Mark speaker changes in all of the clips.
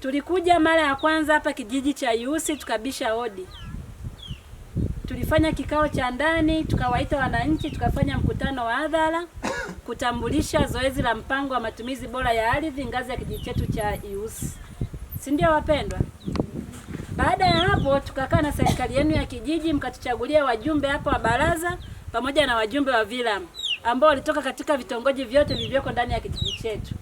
Speaker 1: Tulikuja mara ya kwanza hapa kijiji cha Yusi tukabisha hodi, tulifanya kikao cha ndani, tukawaita wananchi, tukafanya mkutano wa hadhara kutambulisha zoezi la mpango wa matumizi bora ya ardhi ngazi ya kijiji chetu cha Yusi, si ndio wapendwa? Baada ya hapo, tukakaa na serikali yenu ya kijiji, mkatuchagulia wajumbe hapa wa baraza pamoja na wajumbe wa vilamu ambao walitoka katika vitongoji vyote vilivyoko ndani ya kijiji chetu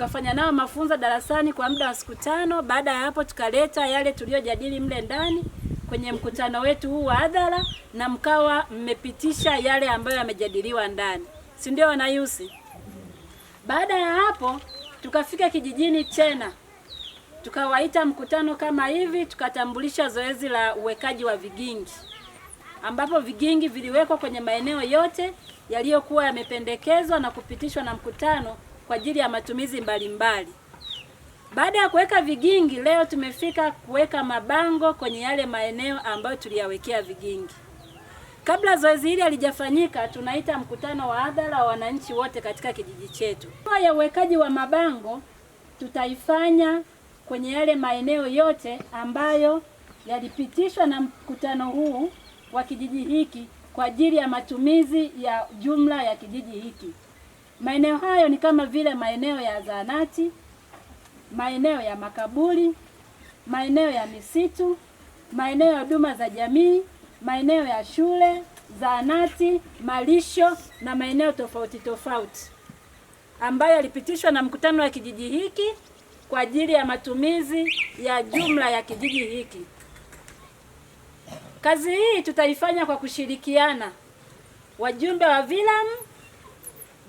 Speaker 1: tukafanya nao mafunzo darasani kwa muda wa siku tano. Baada ya hapo, tukaleta yale tuliyojadili mle ndani kwenye mkutano wetu huu wa hadhara, na mkawa mmepitisha yale ambayo yamejadiliwa ndani, si ndio wanayusi? Baada ya hapo, tukafika kijijini tena tukawaita mkutano kama hivi, tukatambulisha zoezi la uwekaji wa vigingi, ambapo vigingi viliwekwa kwenye maeneo yote yaliyokuwa yamependekezwa na kupitishwa na mkutano kwa ajili ya matumizi mbalimbali. Baada ya kuweka vigingi, leo tumefika kuweka mabango kwenye yale maeneo ambayo tuliyawekea vigingi. Kabla zoezi hili halijafanyika, tunaita mkutano wa hadhara wa wananchi wote katika kijiji chetu. Kwa ya uwekaji wa mabango tutaifanya kwenye yale maeneo yote ambayo yalipitishwa na mkutano huu wa kijiji hiki kwa ajili ya matumizi ya jumla ya kijiji hiki. Maeneo hayo ni kama vile maeneo ya zahanati, maeneo ya makaburi, maeneo ya misitu, maeneo ya huduma za jamii, maeneo ya shule, zahanati, malisho na maeneo tofauti tofauti ambayo yalipitishwa na mkutano wa kijiji hiki kwa ajili ya matumizi ya jumla ya kijiji hiki. Kazi hii tutaifanya kwa kushirikiana wajumbe wa vilamu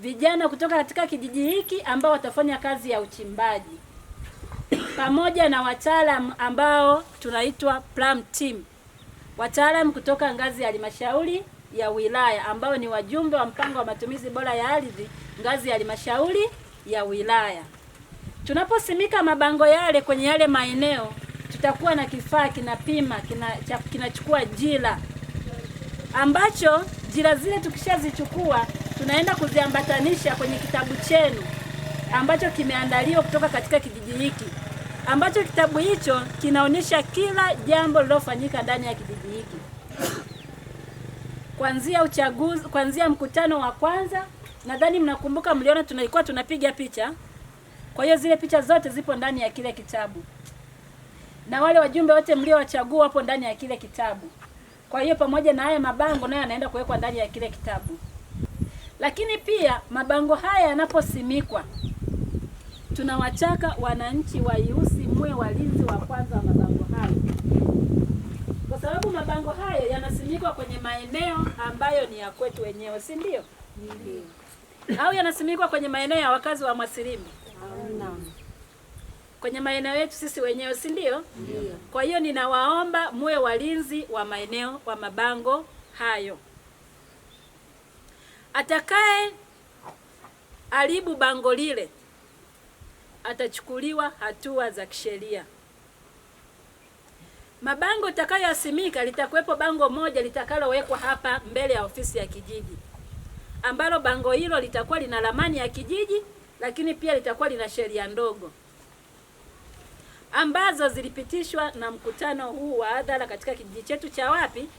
Speaker 1: vijana kutoka katika kijiji hiki ambao watafanya kazi ya uchimbaji pamoja na wataalam ambao tunaitwa Plum Team, wataalam kutoka ngazi ya halmashauri ya wilaya ambao ni wajumbe wa mpango wa matumizi bora ya ardhi ngazi ya halmashauri ya wilaya. Tunaposimika mabango yale kwenye yale maeneo, tutakuwa na kifaa kinapima, kinachukua kina jira ambacho jira zile tukishazichukua tunaenda kuziambatanisha kwenye kitabu chenu ambacho kimeandaliwa kutoka katika kijiji hiki, ambacho kitabu hicho kinaonyesha kila jambo lililofanyika ndani ya kijiji hiki kuanzia uchaguzi, kuanzia mkutano wa kwanza. Nadhani mnakumbuka, mliona tunaikuwa tunapiga picha. Kwa hiyo zile picha zote zipo ndani ya kile kitabu na wale wajumbe wote mliowachagua wapo ndani ya kile kitabu. Kwa hiyo pamoja na haya mabango nayo yanaenda kuwekwa ndani ya kile kitabu. Lakini pia mabango haya yanaposimikwa, tunawachaka wananchi wa Iusi muwe walinzi wa kwanza wa mabango hayo, kwa sababu mabango hayo yanasimikwa kwenye maeneo ambayo ni ya kwetu wenyewe, si ndio? au yanasimikwa kwenye maeneo ya wakazi wa Mwasilimu kwenye maeneo yetu sisi wenyewe si ndio? Kwa hiyo ninawaomba muwe walinzi wa maeneo wa mabango hayo. Atakaye haribu bango lile atachukuliwa hatua za kisheria. Mabango itakayoasimika, litakuwepo bango moja litakalowekwa hapa mbele ya ofisi ya kijiji, ambalo bango hilo litakuwa lina ramani ya kijiji, lakini pia litakuwa lina sheria ndogo ambazo zilipitishwa na mkutano huu wa hadhara katika kijiji chetu cha wapi,